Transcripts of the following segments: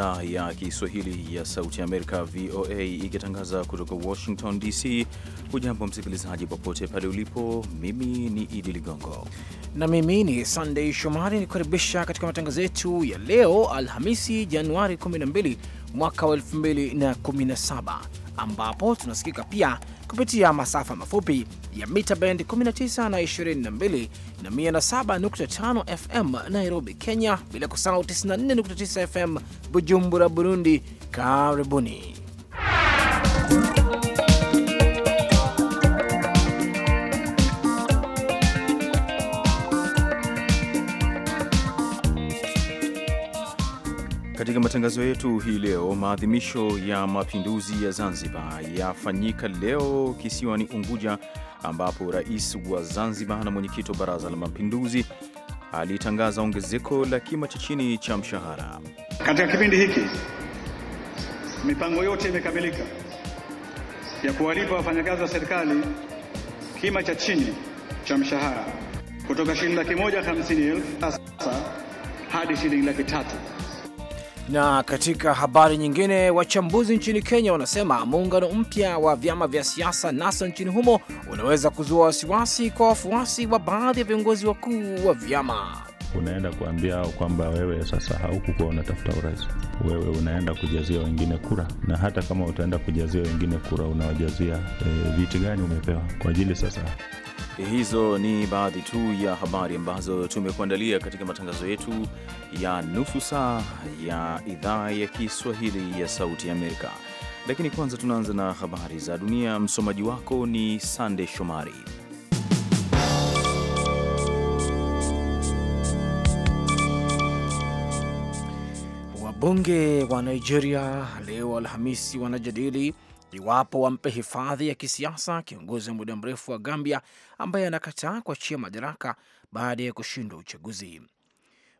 idhaa ya Kiswahili ya Sauti ya Amerika, VOA, ikitangaza kutoka Washington DC. Hujambo msikilizaji, popote pale ulipo. Mimi ni Idi Ligongo na mimi ni Sandei Shomari, nikukaribisha katika matangazo yetu ya leo Alhamisi, Januari 12 mwaka wa 2017 ambapo tunasikika pia kupitia masafa mafupi ya mita bendi 19 na 22 na 107.5 FM Nairobi, Kenya, bila kusahau 94.9 FM Bujumbura, Burundi. Karibuni Katika matangazo yetu hii leo, maadhimisho ya mapinduzi ya Zanzibar yafanyika leo kisiwani Unguja, ambapo rais wa Zanzibar na mwenyekiti wa baraza la mapinduzi alitangaza ongezeko la kima cha chini cha mshahara. Katika kipindi hiki mipango yote imekamilika ya kuwalipa wafanyakazi wa serikali kima cha chini cha mshahara kutoka shilingi laki moja hamsini elfu sasa hadi shilingi laki tatu. Na katika habari nyingine, wachambuzi nchini Kenya wanasema muungano mpya wa vyama vya siasa NASA nchini humo unaweza kuzua wasiwasi kwa wafuasi wa baadhi ya viongozi wakuu wa vyama. Unaenda kuambia hao kwamba wewe sasa haukukuwa unatafuta urais, wewe unaenda kujazia wengine kura, na hata kama utaenda kujazia wengine kura, unawajazia e, viti gani umepewa kwa ajili sasa Hizo ni baadhi tu ya habari ambazo tumekuandalia katika matangazo yetu ya nusu saa ya idhaa ya Kiswahili ya Sauti ya Amerika, lakini kwanza tunaanza na habari za dunia. Msomaji wako ni Sande Shomari. Wabunge wa Nigeria leo Alhamisi wanajadili iwapo wampe hifadhi ya kisiasa kiongozi wa muda mrefu wa Gambia ambaye anakataa kuachia madaraka baada ya kushindwa uchaguzi.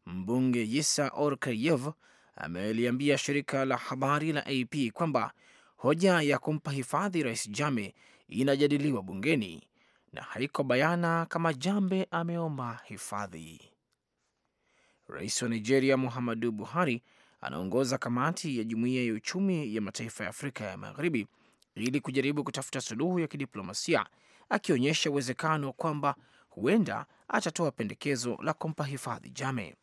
Mbunge Yisa Orkayev ameliambia shirika la habari la AP kwamba hoja ya kumpa hifadhi Rais Jame inajadiliwa bungeni na haiko bayana kama Jame ameomba hifadhi. Rais wa Nigeria Muhammadu Buhari anaongoza kamati ya Jumuiya ya Uchumi ya Mataifa ya Afrika ya Magharibi ili kujaribu kutafuta suluhu ya kidiplomasia, akionyesha uwezekano kwamba huenda atatoa pendekezo la kumpa hifadhi Jame.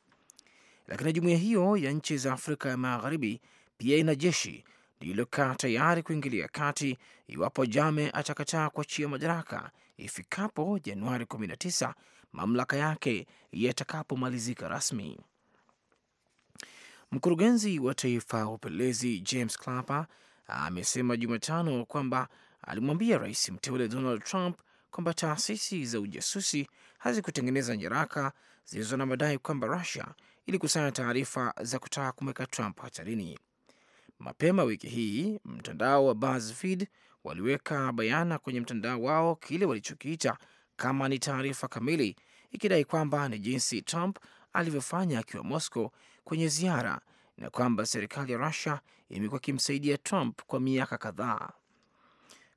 Lakini jumuiya hiyo ya nchi za Afrika ya Magharibi pia ina jeshi lililokaa tayari kuingilia kati iwapo Jame atakataa kuachia madaraka ifikapo Januari 19 mamlaka yake yatakapomalizika rasmi. Mkurugenzi wa taifa wa upelelezi James Clapper amesema Jumatano kwamba alimwambia rais mteule Donald Trump kwamba taasisi za ujasusi hazikutengeneza nyaraka zilizo na madai kwamba Rusia ilikusanya taarifa za kutaka kumweka Trump hatarini. Mapema wiki hii mtandao wa BuzzFeed waliweka bayana kwenye mtandao wao kile walichokiita kama ni taarifa kamili, ikidai kwamba ni jinsi Trump alivyofanya akiwa Moscow kwenye ziara na kwamba serikali ya Rusia imekuwa ikimsaidia Trump kwa miaka kadhaa.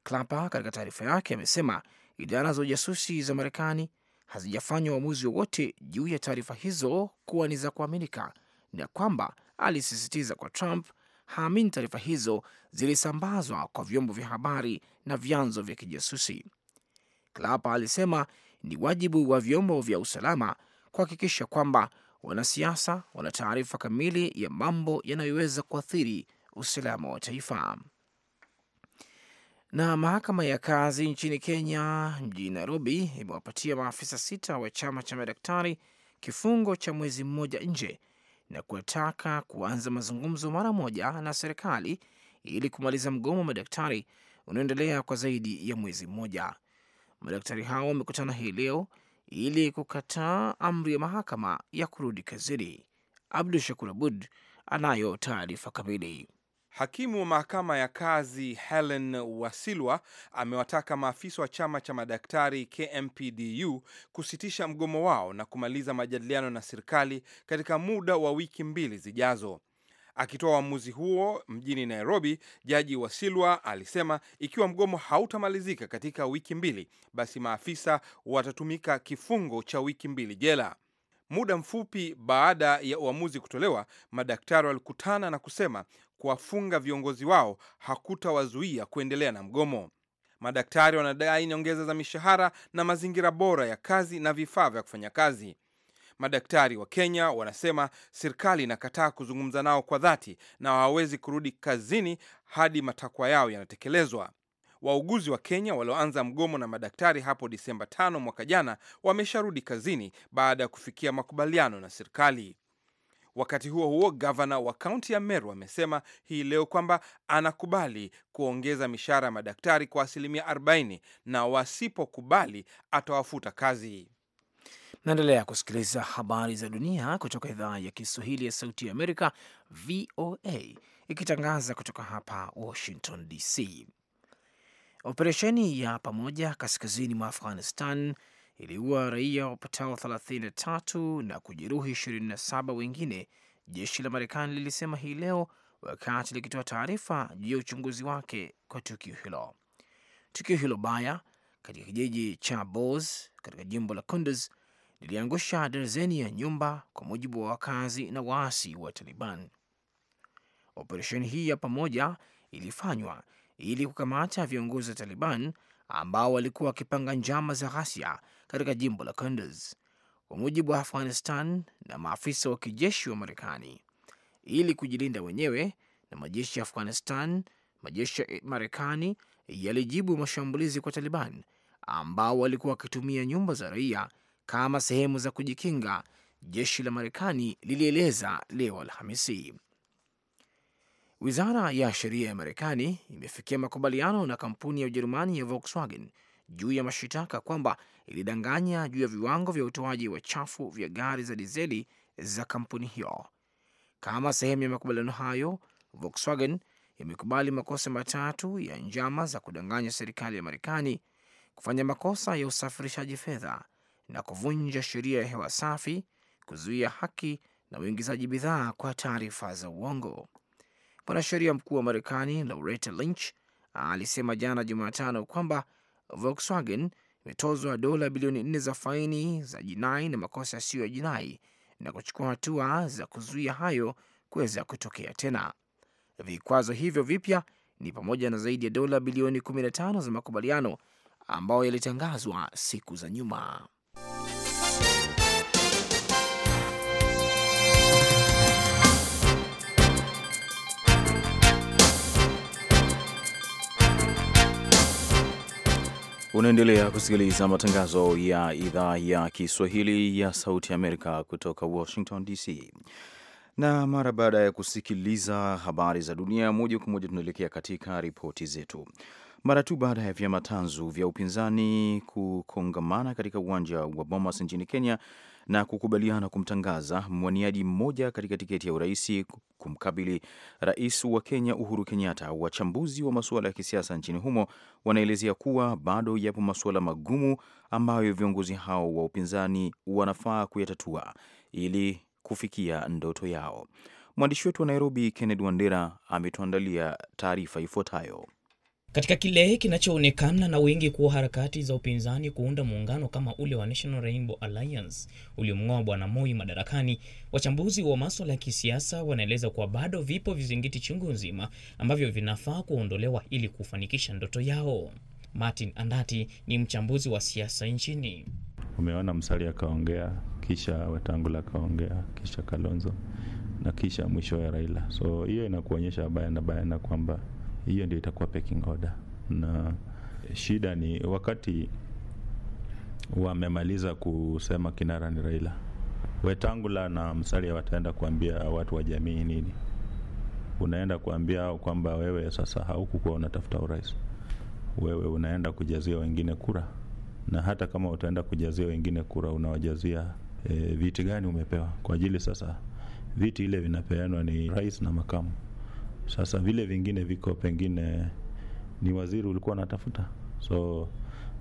klapa katika taarifa yake amesema idara za ujasusi za Marekani hazijafanya uamuzi wowote juu ya taarifa hizo kuwa ni za kuaminika, na kwamba alisisitiza kwa Trump haamini taarifa hizo zilisambazwa kwa vyombo vya habari na vyanzo vya kijasusi. klapa alisema ni wajibu wa vyombo vya usalama kuhakikisha kwamba wanasiasa wana taarifa kamili ya mambo yanayoweza kuathiri usalama wa taifa. Na mahakama ya kazi nchini Kenya mjini Nairobi imewapatia maafisa sita wa chama cha madaktari kifungo cha mwezi mmoja nje na kuwataka kuanza mazungumzo mara moja na serikali ili kumaliza mgomo wa madaktari unaoendelea kwa zaidi ya mwezi mmoja. Madaktari hao wamekutana hii leo ili kukataa amri ya mahakama ya kurudi kazini. Abdu Shakur Abud anayo taarifa kamili. Hakimu wa mahakama ya kazi Helen Wasilwa amewataka maafisa wa chama cha madaktari KMPDU kusitisha mgomo wao na kumaliza majadiliano na serikali katika muda wa wiki mbili zijazo. Akitoa uamuzi huo mjini Nairobi, Jaji Wasilwa alisema ikiwa mgomo hautamalizika katika wiki mbili, basi maafisa watatumika kifungo cha wiki mbili jela. Muda mfupi baada ya uamuzi kutolewa, madaktari walikutana na kusema kuwafunga viongozi wao hakutawazuia kuendelea na mgomo. Madaktari wanadai nyongeza za mishahara na mazingira bora ya kazi na vifaa vya kufanya kazi. Madaktari wa Kenya wanasema serikali inakataa kuzungumza nao kwa dhati na hawawezi kurudi kazini hadi matakwa yao yanatekelezwa. Wauguzi wa Kenya walioanza mgomo na madaktari hapo Disemba a mwaka jana wamesharudi kazini baada ya kufikia makubaliano na serikali. Wakati huo huo, gavana wa kaunti ya Meru amesema hii leo kwamba anakubali kuongeza mishahara ya madaktari kwa asilimia 40 na wasipokubali atawafuta kazi. Naendelea kusikiliza habari za dunia kutoka idhaa ya Kiswahili ya Sauti ya Amerika, VOA, ikitangaza kutoka hapa Washington DC. Operesheni ya pamoja kaskazini mwa Afghanistan iliua raia wapatao 33 na kujeruhi 27 wengine, jeshi la Marekani lilisema hii leo wakati likitoa taarifa juu ya uchunguzi wake kwa tukio hilo. Tukio hilo baya katika kijiji cha Boz katika jimbo la Kunduz liliangusha darzeni ya nyumba, kwa mujibu wa wakazi na waasi wa Taliban. Operesheni hii ya pamoja ilifanywa ili kukamata viongozi wa Taliban ambao walikuwa wakipanga njama za ghasia katika jimbo la Kunduz, kwa mujibu wa Afghanistan na maafisa wa kijeshi wa Marekani. Ili kujilinda wenyewe na majeshi ya Afghanistan, majeshi ya Marekani yalijibu mashambulizi kwa Taliban ambao walikuwa wakitumia nyumba za raia kama sehemu za kujikinga, jeshi la Marekani lilieleza leo Alhamisi. Wizara ya sheria ya Marekani imefikia makubaliano na kampuni ya Ujerumani ya Volkswagen juu ya mashitaka kwamba ilidanganya juu ya viwango vya utoaji wa chafu vya gari za dizeli za kampuni hiyo. Kama sehemu ya makubaliano hayo, Volkswagen imekubali makosa matatu ya njama za kudanganya serikali ya Marekani, kufanya makosa ya usafirishaji fedha na kuvunja sheria ya hewa safi, kuzuia haki na uingizaji bidhaa kwa taarifa za uongo. Mwanasheria mkuu wa Marekani Loretta Lynch alisema jana Jumatano kwamba Volkswagen imetozwa dola bilioni nne za faini za jinai na makosa yasiyo ya jinai na kuchukua hatua za kuzuia hayo kuweza kutokea tena. Vikwazo hivyo vipya ni pamoja na zaidi ya dola bilioni 15 za makubaliano ambayo yalitangazwa siku za nyuma. Unaendelea kusikiliza matangazo ya idhaa ya Kiswahili ya Sauti Amerika kutoka Washington DC, na mara baada ya kusikiliza habari za dunia moja kwa moja, tunaelekea katika ripoti zetu. Mara tu baada ya vyama tanzu vya upinzani kukongamana katika uwanja wa Bomas nchini Kenya na kukubaliana kumtangaza mwaniaji mmoja katika tiketi ya urais kumkabili rais wa Kenya Uhuru Kenyatta. Wachambuzi wa masuala ya kisiasa nchini humo wanaelezea kuwa bado yapo masuala magumu ambayo viongozi hao wa upinzani wanafaa kuyatatua ili kufikia ndoto yao. Mwandishi wetu wa Nairobi, kenned Wandera, ametuandalia taarifa ifuatayo katika kile kinachoonekana na wengi kuwa harakati za upinzani kuunda muungano kama ule wa National Rainbow Alliance uliomng'oa Bwana Moi madarakani, wachambuzi wa masuala ya kisiasa wanaeleza kuwa bado vipo vizingiti chungu nzima ambavyo vinafaa kuondolewa ili kufanikisha ndoto yao. Martin Andati ni mchambuzi wa siasa nchini. Umeona Msali akaongea, kisha Wetangula akaongea, kisha Kalonzo na kisha mwisho ya Raila. So hiyo inakuonyesha bayana bayana kwamba hiyo ndio itakuwa pecking order, na shida ni wakati wamemaliza kusema kinara ni Raila, Wetangula na Musalia wataenda kuambia watu wa jamii nini? Unaenda kuambia au kwamba wewe sasa haukukuwa unatafuta urais, wewe unaenda kujazia wengine kura, na hata kama utaenda kujazia wengine kura, unawajazia e, viti gani umepewa? Kwa ajili sasa viti ile vinapeanwa ni rais na makamu. Sasa vile vingine viko pengine ni waziri ulikuwa anatafuta so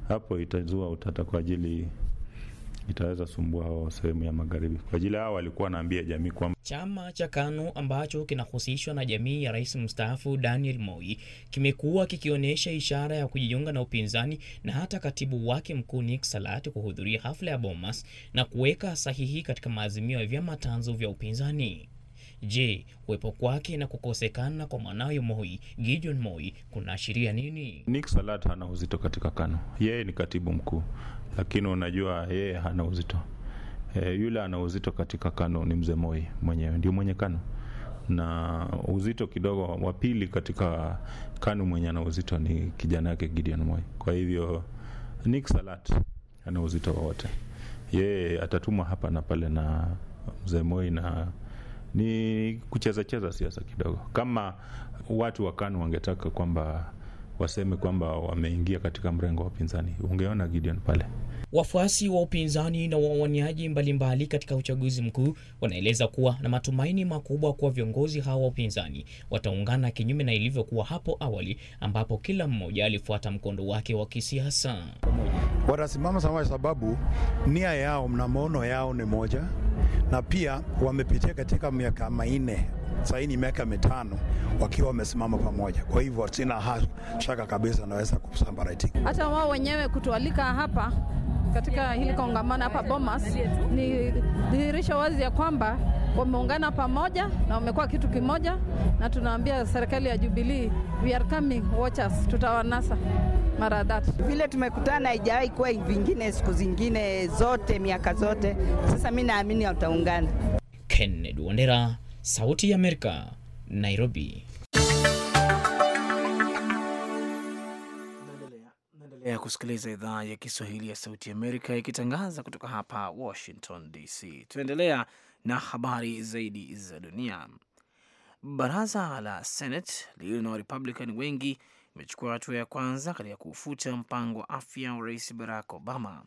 hapo itazua utata kwa ajili itaweza sumbua hao sehemu ya magharibi. Kwa ajili hao walikuwa wanaambia jamii kwamba chama cha KANU ambacho kinahusishwa na jamii ya rais mstaafu Daniel Moi kimekuwa kikionyesha ishara ya kujiunga na upinzani, na hata katibu wake mkuu Nick Salat kuhudhuria hafla ya Bomas na kuweka sahihi katika maazimio ya vyama tanzu vya upinzani. Je, kuwepo kwake na kukosekana kwa mwanawe Moi, Gideon Moi, kunaashiria nini? Nick Salat hana uzito katika KANU, yeye ni katibu mkuu, lakini unajua yeye hana uzito e, yule ana uzito katika KANU ni mzee Moi mwenyewe, ndio mwenye KANU na uzito kidogo wa pili katika KANU mwenye ana uzito ni kijana yake Gideon Moi. Kwa hivyo Nick Salat ana uzito wowote, yeye atatumwa hapa na pale na mzee Moi na ni kucheza cheza siasa kidogo. Kama watu wa KANU wangetaka kwamba waseme kwamba wameingia katika mrengo wa upinzani, ungeona Gideon pale. Wafuasi wa upinzani na wawaniaji mbalimbali katika uchaguzi mkuu wanaeleza kuwa na matumaini makubwa kuwa viongozi hawa wa upinzani wataungana, kinyume na ilivyokuwa hapo awali ambapo kila mmoja alifuata mkondo wake wa kisiasa. Watasimama sawa, sababu nia yao na maono yao ni moja, na pia wamepitia katika miaka minne saini miaka mitano wakiwa wamesimama pamoja. Kwa hivyo sina shaka kabisa, naweza kusambaratika. Hata wao wenyewe kutualika hapa katika hili kongamano hapa Bomas ni dhihirisho wazi ya kwamba wameungana pamoja na wamekuwa kitu kimoja, na tunaambia serikali ya Jubilee, we are coming watch us, tutawanasa mara dhatu Vile tumekutana haijawahi kuwa vingine siku zingine zote miaka zote, sasa mi naamini wataungana. Kennedy Wandera, Sauti ya Amerika, Nairobi. ya kusikiliza idhaa ya Kiswahili ya Sauti Amerika ikitangaza kutoka hapa Washington DC. Tunaendelea na habari zaidi za dunia. Baraza la Senate lililo na Warepublican wengi imechukua hatua ya kwanza katika kuufuta mpango wa afya wa Rais Barack Obama.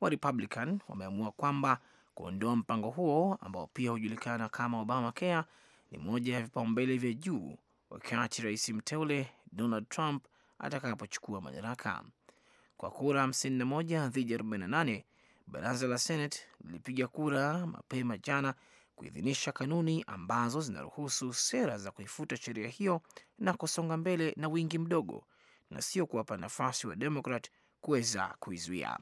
Warepublican wameamua kwamba kuondoa mpango huo ambao pia hujulikana kama obama kea ni moja ya vipaumbele vya juu wakati rais mteule Donald Trump atakapochukua madaraka kwa kura 51 dhidi ya 48. Baraza la Senate lilipiga kura mapema jana kuidhinisha kanuni ambazo zinaruhusu sera za kuifuta sheria hiyo na kusonga mbele na wingi mdogo, na sio kuwapa nafasi wa Demokrat kuweza kuizuia.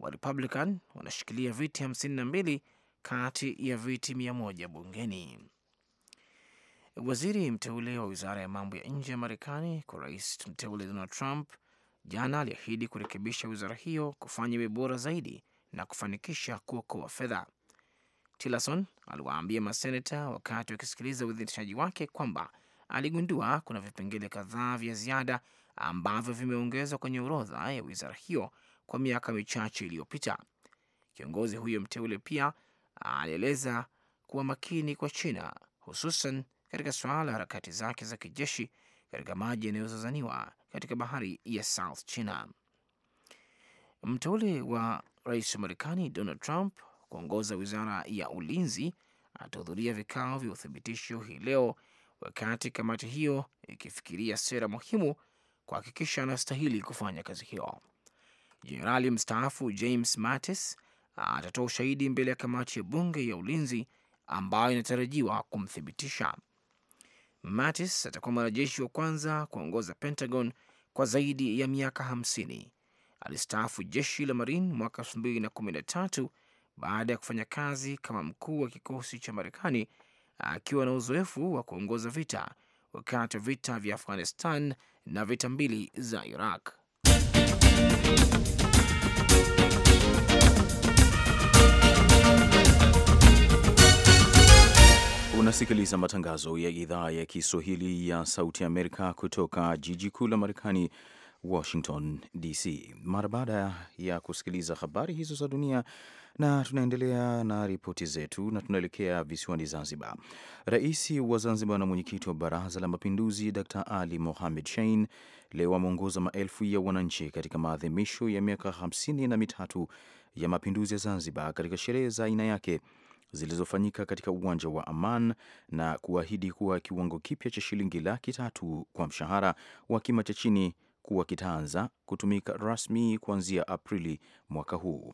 Wa Republican wanashikilia viti 52 kati ya viti 100 bungeni. Waziri mteule wa wizara ya mambo ya nje ya Marekani kwa rais mteule Donald Trump Jana aliahidi kurekebisha wizara hiyo kufanya iwe bora zaidi na kufanikisha kuokoa fedha. Tillerson aliwaambia maseneta wakati wakisikiliza uidhinishaji wake kwamba aligundua kuna vipengele kadhaa vya ziada ambavyo vimeongezwa kwenye orodha ya wizara hiyo kwa miaka michache iliyopita. Kiongozi huyo mteule pia alieleza kuwa makini kwa China, hususan katika suala la harakati zake za kijeshi katika maji yanayozozaniwa katika bahari ya South China. Mteule wa rais wa Marekani Donald Trump kuongoza wizara ya ulinzi atahudhuria vikao vya uthibitisho hii leo, wakati kamati hiyo ikifikiria sera muhimu kuhakikisha anastahili kufanya kazi hiyo. Jenerali mstaafu James Mattis atatoa ushahidi mbele ya kamati ya bunge ya ulinzi ambayo inatarajiwa kumthibitisha. Mattis atakuwa mwanajeshi wa kwanza kuongoza Pentagon kwa zaidi ya miaka 50. Alistaafu jeshi la Marine mwaka 2013 baada ya kufanya kazi kama mkuu wa kikosi cha Marekani, akiwa na uzoefu wa kuongoza vita wakati wa vita vya Afghanistan na vita mbili za Iraq. Unasikiliza matangazo ya idhaa ya Kiswahili ya Sauti ya Amerika kutoka jiji kuu la Marekani, Washington DC. Mara baada ya kusikiliza habari hizo za dunia, na tunaendelea na ripoti zetu na tunaelekea visiwani Zanzibar. Rais wa Zanzibar na mwenyekiti wa Baraza la Mapinduzi Dr Ali Mohamed Shein leo ameongoza maelfu ya wananchi katika maadhimisho ya miaka hamsini na mitatu ya mapinduzi ya Zanzibar katika sherehe za aina yake zilizofanyika katika uwanja wa Aman na kuahidi kuwa kiwango kipya cha shilingi laki tatu kwa mshahara wa kima cha chini kuwa kitaanza kutumika rasmi kuanzia Aprili mwaka huu.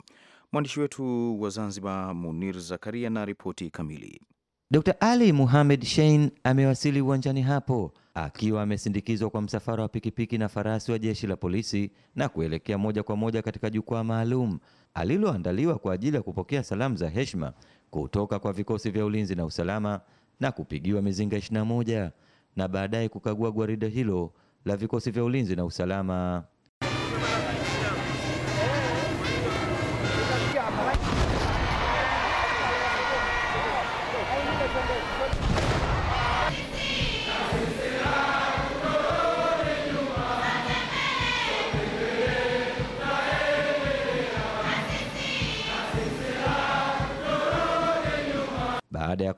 Mwandishi wetu wa Zanzibar, Munir Zakaria, na ripoti kamili. Dr Ali Muhamed Shein amewasili uwanjani hapo akiwa amesindikizwa kwa msafara wa pikipiki na farasi wa jeshi la polisi na kuelekea moja kwa moja katika jukwaa maalum aliloandaliwa kwa ajili ya kupokea salamu za heshima kutoka kwa vikosi vya ulinzi na usalama na kupigiwa mizinga 21 na baadaye kukagua gwaride hilo la vikosi vya ulinzi na usalama.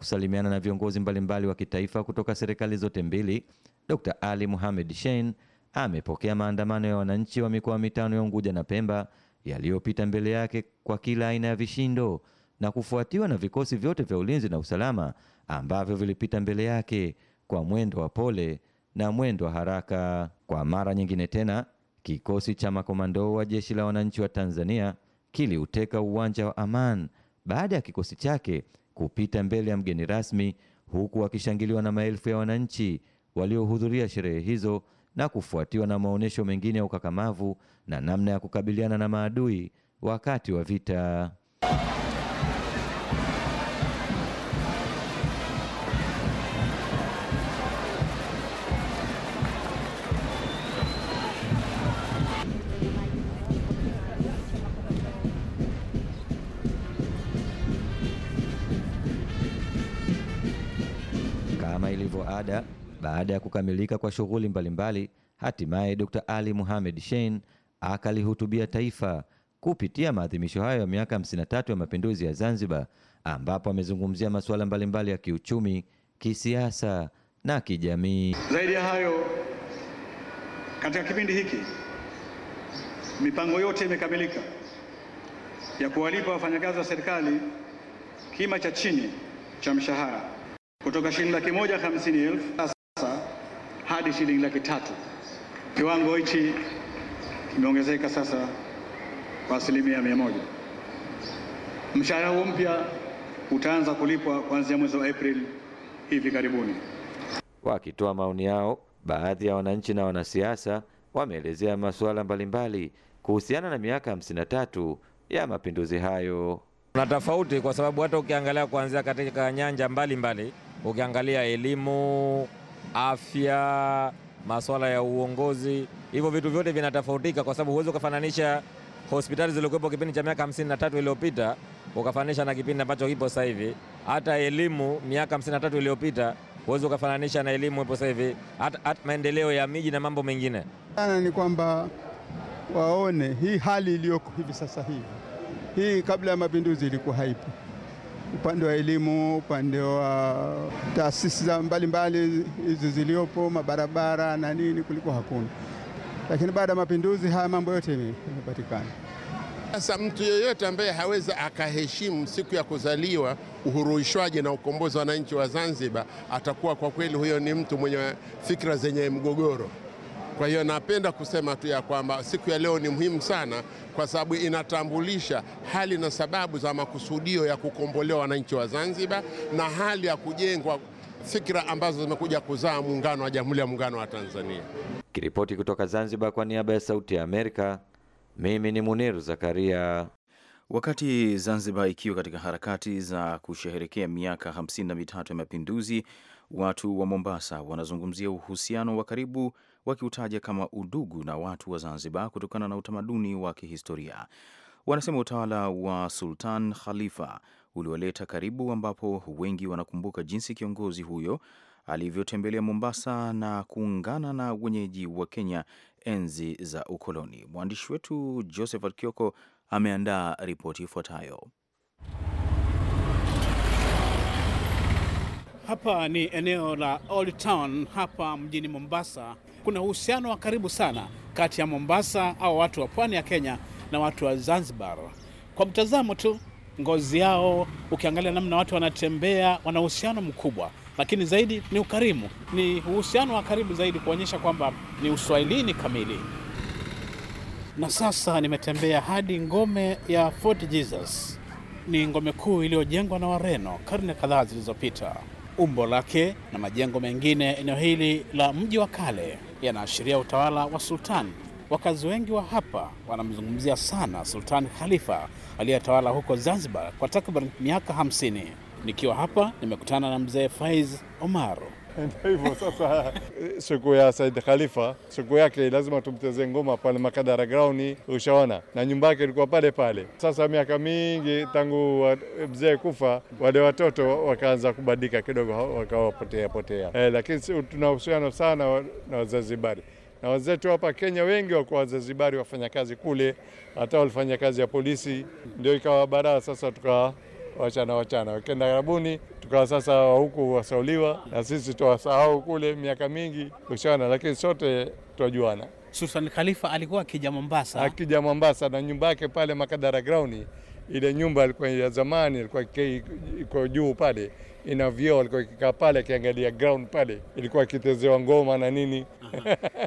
kusalimiana na viongozi mbalimbali wa kitaifa kutoka serikali zote mbili, Dr. Ali Mohamed Shein amepokea maandamano ya wananchi wa mikoa mitano ya Unguja na Pemba yaliyopita mbele yake kwa kila aina ya vishindo na kufuatiwa na vikosi vyote vya ulinzi na usalama ambavyo vilipita mbele yake kwa mwendo wa pole na mwendo wa haraka. Kwa mara nyingine tena, kikosi cha makomando wa Jeshi la Wananchi wa Tanzania kiliuteka uwanja wa Aman baada ya kikosi chake kupita mbele ya mgeni rasmi huku akishangiliwa na maelfu ya wananchi waliohudhuria sherehe hizo na kufuatiwa na maonyesho mengine ya ukakamavu na namna ya kukabiliana na maadui wakati wa vita. Baada ya kukamilika kwa shughuli mbalimbali, hatimaye Dr. Ali Mohamed Shein akalihutubia taifa kupitia maadhimisho hayo ya miaka 53 ya mapinduzi ya Zanzibar, ambapo amezungumzia masuala mbalimbali ya kiuchumi, kisiasa na kijamii. Zaidi ya hayo, katika kipindi hiki mipango yote imekamilika ya kuwalipa wafanyakazi wa serikali kima cha chini cha mshahara kutoka shilingi laki moja hamsini elfu sasa hadi shilingi laki tatu. Kiwango hichi kimeongezeka sasa kwa asilimia mia moja. Mshahara huo mpya utaanza kulipwa kuanzia mwezi wa Aprili hivi karibuni. Wakitoa maoni yao, baadhi ya wananchi na wanasiasa wameelezea masuala mbalimbali kuhusiana na miaka tatu ya mapinduzi hayo. Kuna tofauti kwa sababu hata ukiangalia kuanzia katika nyanja mbalimbali mbali, ukiangalia elimu afya, masuala ya uongozi, hivyo vitu vyote vinatofautika, kwa sababu huwezi ukafananisha hospitali zilikuwepo kipindi cha miaka 53 iliyopita ukafananisha na kipindi ambacho kipo sasa hivi. Hata elimu miaka 53 iliyopita huwezi ukafananisha na elimu ipo sasa hivi, hata maendeleo ya miji na mambo mengine. Sana ni kwamba waone hii hali iliyoko hivi sasa hivi, hii kabla ya mapinduzi ilikuwa haipo upande wa elimu, upande wa taasisi za mbalimbali hizi ziliyopo, mabarabara na nini, kuliko hakuna. Lakini baada ya mapinduzi haya mambo yote yamepatikana. Sasa mtu yeyote ambaye haweza akaheshimu siku ya kuzaliwa, uhuruishwaji na ukombozi wa wananchi wa Zanzibar, atakuwa kwa kweli huyo ni mtu mwenye fikra zenye mgogoro. Kwa hiyo napenda kusema tu ya kwamba siku ya leo ni muhimu sana, kwa sababu inatambulisha hali na sababu za makusudio ya kukombolewa wananchi wa Zanzibar na hali ya kujengwa fikra ambazo zimekuja kuzaa muungano wa Jamhuri ya Muungano wa Tanzania. Kiripoti kutoka Zanzibar kwa niaba ya Sauti ya Amerika, mimi ni Munir Zakaria. Wakati Zanzibar ikiwa katika harakati za kusherehekea miaka 53 na mitatu ya mapinduzi, watu wa Mombasa wanazungumzia uhusiano wa karibu wakiutaja kama udugu na watu wa Zanzibar kutokana na utamaduni wa kihistoria. Wanasema utawala wa Sultan Khalifa uliwaleta karibu, ambapo wengi wanakumbuka jinsi kiongozi huyo alivyotembelea Mombasa na kuungana na wenyeji wa Kenya enzi za ukoloni. Mwandishi wetu Josephat Kioko ameandaa ripoti ifuatayo. Hapa ni eneo la Old Town hapa mjini Mombasa kuna uhusiano wa karibu sana kati ya Mombasa au watu wa pwani ya Kenya na watu wa Zanzibar. Kwa mtazamo tu, ngozi yao, ukiangalia namna watu wanatembea, wana uhusiano mkubwa, lakini zaidi ni ukarimu, ni uhusiano wa karibu zaidi kuonyesha kwamba ni uswahilini kamili. Na sasa nimetembea hadi ngome ya Fort Jesus. Ni ngome kuu iliyojengwa na Wareno karne kadhaa zilizopita. Umbo lake na majengo mengine eneo hili la mji wa kale yanaashiria utawala wa sultani. Wakazi wengi wa hapa wanamzungumzia sana Sultani Khalifa aliyetawala huko Zanzibar kwa takriban miaka 50 Nikiwa hapa nimekutana na mzee Faiz Omaro ndio hivyo sasa. Siku ya Said Khalifa, siku yake lazima tumtezee ngoma pale Makadara Ground, ushaona, na nyumba yake ilikuwa pale pale. Sasa miaka mingi tangu mzee kufa, wale watoto wakaanza kubadilika kidogo, wakawapotea potea eh, lakini tuna uhusiano sana na Wazanzibari na wazetu hapa Kenya wengi wakuwa Wazanzibari, wafanya kazi kule, hata walifanya kazi ya polisi, ndio ikawa baraa. Sasa tukawa wachana wachana, wakenda karabuni tukawa sasa huku wasauliwa na sisi tuwasahau kule, miaka mingi kushana, lakini sote twajuana. Susan Khalifa alikuwa akija Mombasa, akija Mombasa na nyumba yake pale Makadara Ground, ile nyumba ilikuwa ya zamani, ilikuwa iko juu pale ina vioo, alikuwa ikikaa pale akiangalia ground pale, ilikuwa akitezewa ngoma na nini.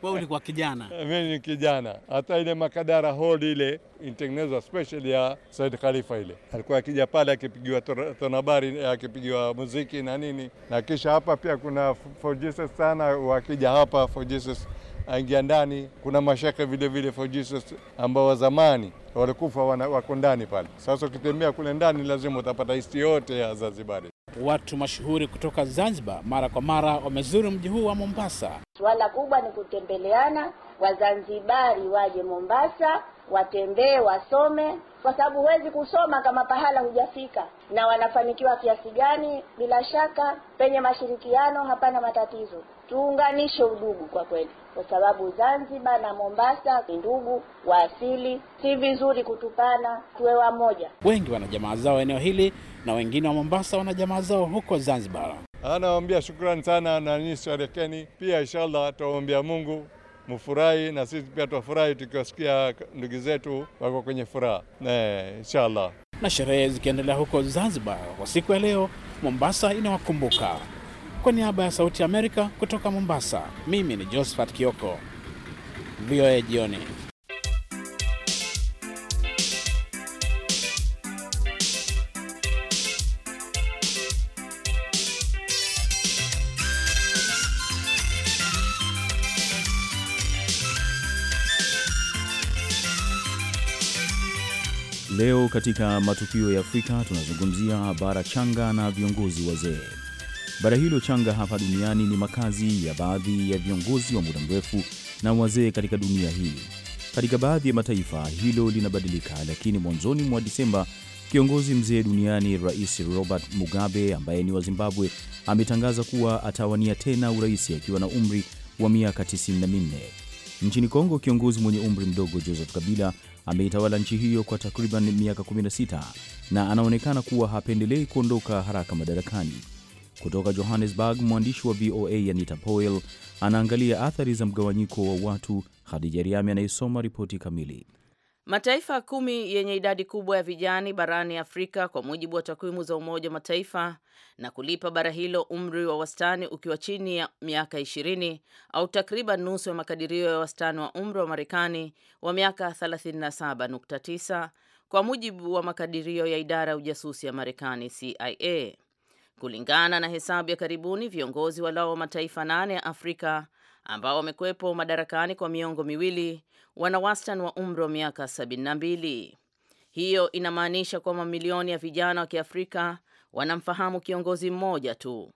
hiyo ulikuwa kijana? Mimi ni kijana. Hata ile Makadara Hall ile ilitengenezwa special ya Said Khalifa, ile alikuwa akija pale akipigiwa tonabari, akipigiwa muziki na nini, na kisha hapa pia kuna For Jesus sana, wakija hapa For Jesus aingia ndani. Kuna mashaka vile vile For Jesus ambao wa zamani walikufa wako ndani pale. Sasa ukitembea kule ndani, lazima utapata histi yote ya Zanzibari. Watu mashuhuri kutoka Zanzibar mara kwa mara wamezuru mji huu wa Mombasa. Suala kubwa ni kutembeleana, Wazanzibari waje Mombasa, watembee, wasome kwa sababu huwezi kusoma kama pahala hujafika. Na wanafanikiwa kiasi gani? Bila shaka penye mashirikiano hapana matatizo. Tuunganishe udugu kwa kweli, kwa sababu Zanzibar na Mombasa ni ndugu wa asili, si vizuri kutupana, tuwe wamoja. Wengi wana jamaa zao eneo hili na wengine wa Mombasa wana jamaa zao huko Zanzibar. anawambia shukrani sana na nyinyi sherekeni pia, inshallah tuwaombea Mungu mufurahi na sisi pia twafurahi tukiwasikia ndugu zetu wako kwenye furaha inshallah. Na sherehe zikiendelea huko Zanzibar kwa siku ya leo, Mombasa inawakumbuka. Kwa niaba ya Sauti ya Amerika kutoka Mombasa, mimi ni Josephat Kioko, VOA Jioni. Leo katika matukio ya Afrika tunazungumzia bara changa na viongozi wazee. Bara hilo changa hapa duniani ni makazi ya baadhi ya viongozi wa muda mrefu na wazee katika dunia hii. Katika baadhi ya mataifa hilo linabadilika, lakini mwanzoni mwa Disemba kiongozi mzee duniani Rais Robert Mugabe ambaye ni wa Zimbabwe ametangaza kuwa atawania tena urais akiwa na umri wa miaka 94. Nchini Kongo, kiongozi mwenye umri mdogo Joseph Kabila ameitawala nchi hiyo kwa takriban miaka 16 na anaonekana kuwa hapendelei kuondoka haraka madarakani. Kutoka Johannesburg, mwandishi wa VOA Anita Powell anaangalia athari za mgawanyiko wa watu. Khadija Riami anayesoma ripoti kamili. Mataifa kumi yenye idadi kubwa ya vijana barani Afrika kwa mujibu wa takwimu za Umoja wa Mataifa na kulipa bara hilo umri wa wastani ukiwa chini ya miaka ishirini au takriban nusu ya makadirio ya wastani wa umri wa Marekani wa miaka 37.9 kwa mujibu wa makadirio ya idara ya ujasusi ya Marekani CIA. Kulingana na hesabu ya karibuni, viongozi walao wa mataifa nane ya Afrika ambao wamekuwepo madarakani kwa miongo miwili wana wastani wa umri wa miaka 72. Hiyo inamaanisha kuwa mamilioni ya vijana wa Kiafrika wanamfahamu kiongozi mmoja tu.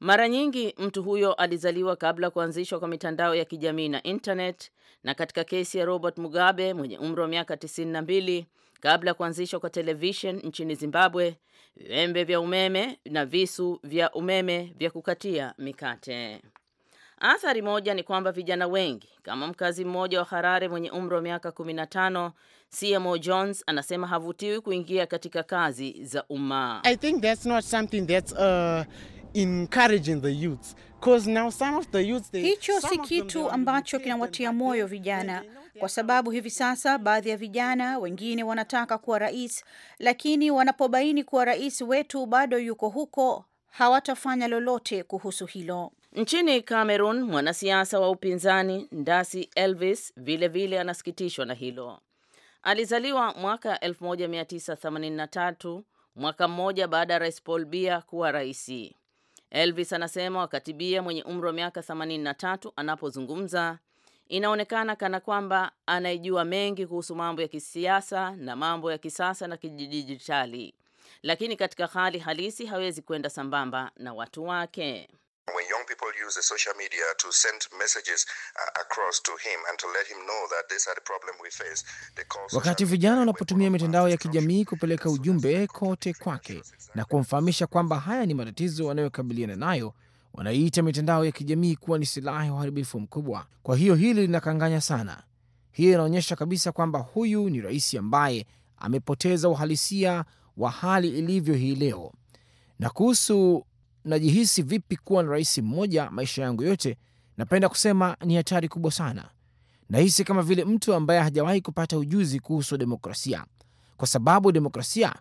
Mara nyingi mtu huyo alizaliwa kabla ya kuanzishwa kwa mitandao ya kijamii na internet, na katika kesi ya Robert Mugabe mwenye umri wa miaka 92, kabla ya kuanzishwa kwa television nchini Zimbabwe, vyembe vya umeme na visu vya umeme vya kukatia mikate. Athari moja ni kwamba vijana wengi kama mkazi mmoja wa Harare mwenye umri wa miaka 15, CMO Jones anasema havutiwi kuingia katika kazi za umma. I think that's not something that's uh, encouraging the youth now some of the youth they, hicho si kitu ambacho kinawatia moyo vijana kwa sababu hivi sasa baadhi ya vijana wengine wanataka kuwa rais, lakini wanapobaini kuwa rais wetu bado yuko huko hawatafanya lolote kuhusu hilo. Nchini Cameroon, mwanasiasa wa upinzani Ndasi Elvis vilevile vile anasikitishwa na hilo. Alizaliwa mwaka 1983 mwaka mmoja baada ya Rais Paul Bia kuwa raisi. Elvis anasema wakati Bia mwenye umri wa miaka 83 anapozungumza inaonekana kana kwamba anaijua mengi kuhusu mambo ya kisiasa na mambo ya kisasa na kidijitali, lakini katika hali halisi hawezi kwenda sambamba na watu wake. When young people use the social media to send messages uh, across to him and to let him know that this are the problem we face. Wakati vijana wanapotumia mitandao ya kijamii kupeleka ujumbe kote kwake na kumfahamisha kwamba haya ni matatizo wanayokabiliana nayo, wanaiita mitandao ya kijamii kuwa ni silaha ya uharibifu mkubwa. Kwa hiyo hili linakanganya sana. Hiyo inaonyesha kabisa kwamba huyu ni rais ambaye amepoteza uhalisia wa hali ilivyo hii leo. Na kuhusu najihisi vipi kuwa na rais mmoja maisha yangu yote? Napenda kusema ni hatari kubwa sana. Nahisi kama vile mtu ambaye hajawahi kupata ujuzi kuhusu demokrasia, kwa sababu demokrasia,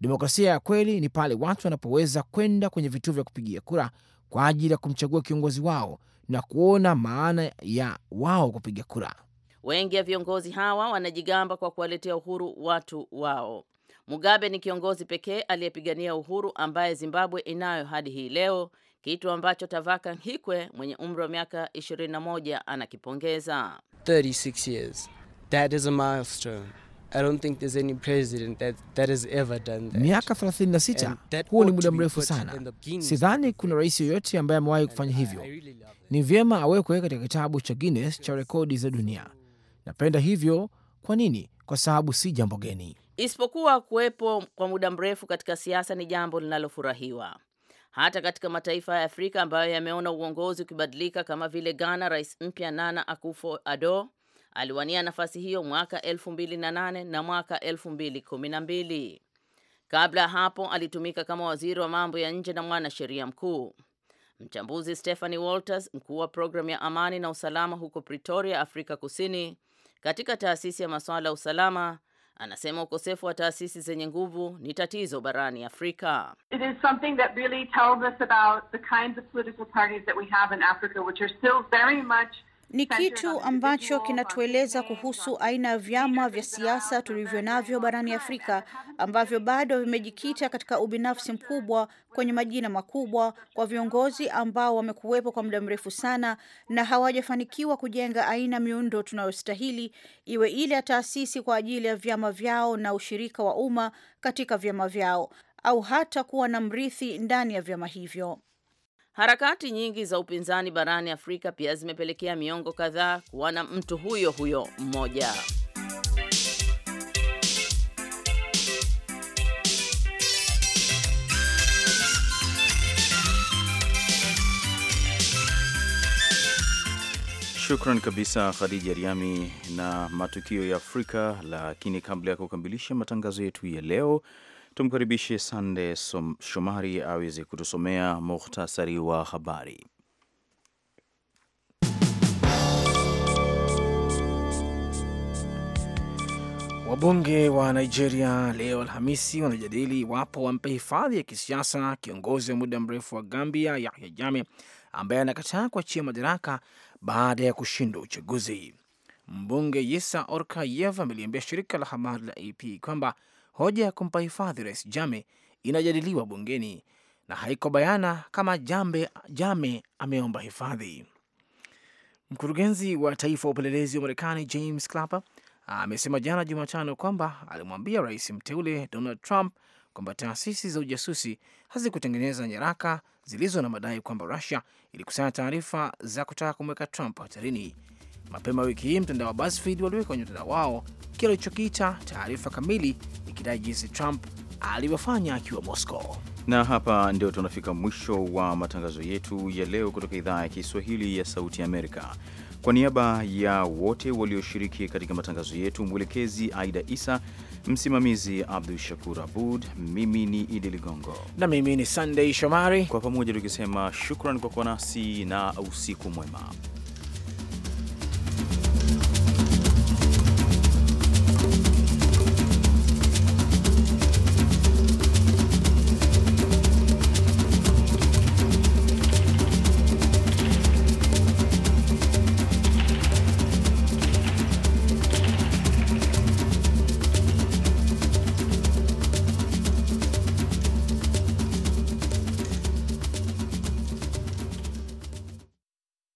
demokrasia ya kweli ni pale watu wanapoweza kwenda kwenye vituo vya kupigia kura kwa ajili ya kumchagua kiongozi wao na kuona maana ya wao kupiga kura. Wengi ya viongozi hawa wanajigamba kwa kuwaletea uhuru watu wao. Mugabe ni kiongozi pekee aliyepigania uhuru ambaye Zimbabwe inayo hadi hii leo, kitu ambacho Tavaka nhikwe mwenye umri wa miaka 21 anakipongeza. 36 years. That is a milestone. I don't think there's any president that, that has ever done that. Miaka 36, huo ni muda mrefu sana. Sidhani kuna rais yoyote ambaye amewahi kufanya hivyo. ni vyema awekwe katika kitabu cha Guinness cha rekodi za dunia. Napenda hivyo. Kwa nini? Kwa sababu si jambo geni. Isipokuwa kuwepo kwa muda mrefu katika siasa ni jambo linalofurahiwa hata katika mataifa ya Afrika ambayo yameona uongozi ukibadilika kama vile Ghana. Rais mpya Nana akufo ado aliwania nafasi hiyo mwaka 2008 na mwaka 2012. Kabla ya hapo alitumika kama waziri wa mambo ya nje na mwanasheria mkuu. Mchambuzi Stephanie Walters, mkuu wa programu ya amani na usalama huko Pretoria, Afrika Kusini, katika taasisi ya masuala ya usalama anasema ukosefu wa taasisi zenye nguvu ni tatizo barani Afrika. It is something really kinds of that we have in Africa which are still very much ni kitu ambacho kinatueleza kuhusu aina ya vyama vya siasa tulivyo navyo barani Afrika ambavyo bado vimejikita katika ubinafsi mkubwa kwenye majina makubwa kwa viongozi ambao wamekuwepo kwa muda mrefu sana na hawajafanikiwa kujenga aina miundo tunayostahili iwe ile ya taasisi kwa ajili ya vyama vyao na ushirika wa umma katika vyama vyao au hata kuwa na mrithi ndani ya vyama hivyo. Harakati nyingi za upinzani barani Afrika pia zimepelekea miongo kadhaa kuwa na mtu huyo huyo mmoja. Shukran kabisa Khadija Riami na matukio ya Afrika. Lakini kabla ya kukamilisha matangazo yetu ya leo, tumkaribishe Sande Shomari aweze kutusomea muhtasari wa habari. Wabunge wa Nigeria leo Alhamisi wanajadili iwapo wampe hifadhi ya kisiasa kiongozi wa muda mrefu wa Gambia Yahya Jame ambaye anakataa kuachia madaraka baada ya kushindwa uchaguzi. Mbunge Yisa Orkayev ameliambia shirika la habari la AP kwamba hoja ya kumpa hifadhi Rais Jame inajadiliwa bungeni na haiko bayana kama Jambe Jame ameomba hifadhi. Mkurugenzi wa taifa wa upelelezi wa Marekani James Clapper amesema jana Jumatano kwamba alimwambia rais mteule Donald Trump kwamba taasisi za ujasusi hazikutengeneza nyaraka zilizo na madai kwamba Rusia ilikusanya taarifa za kutaka kumweka Trump hatarini. Mapema wiki hii mtandao wa BuzzFeed waliweka kwenye mtandao wao kile walichokiita taarifa kamili akidai jinsi Trump alivyofanya akiwa Moscow. Na hapa ndio tunafika mwisho wa matangazo yetu ya leo kutoka idhaa ya Kiswahili ya Sauti Amerika. Kwa niaba ya wote walioshiriki katika matangazo yetu, mwelekezi Aida Isa, msimamizi Abdu Shakur Abud, mimi ni Idi Ligongo na mimi ni Sandei Shomari, kwa pamoja tukisema shukran kwa kuwa nasi na usiku mwema.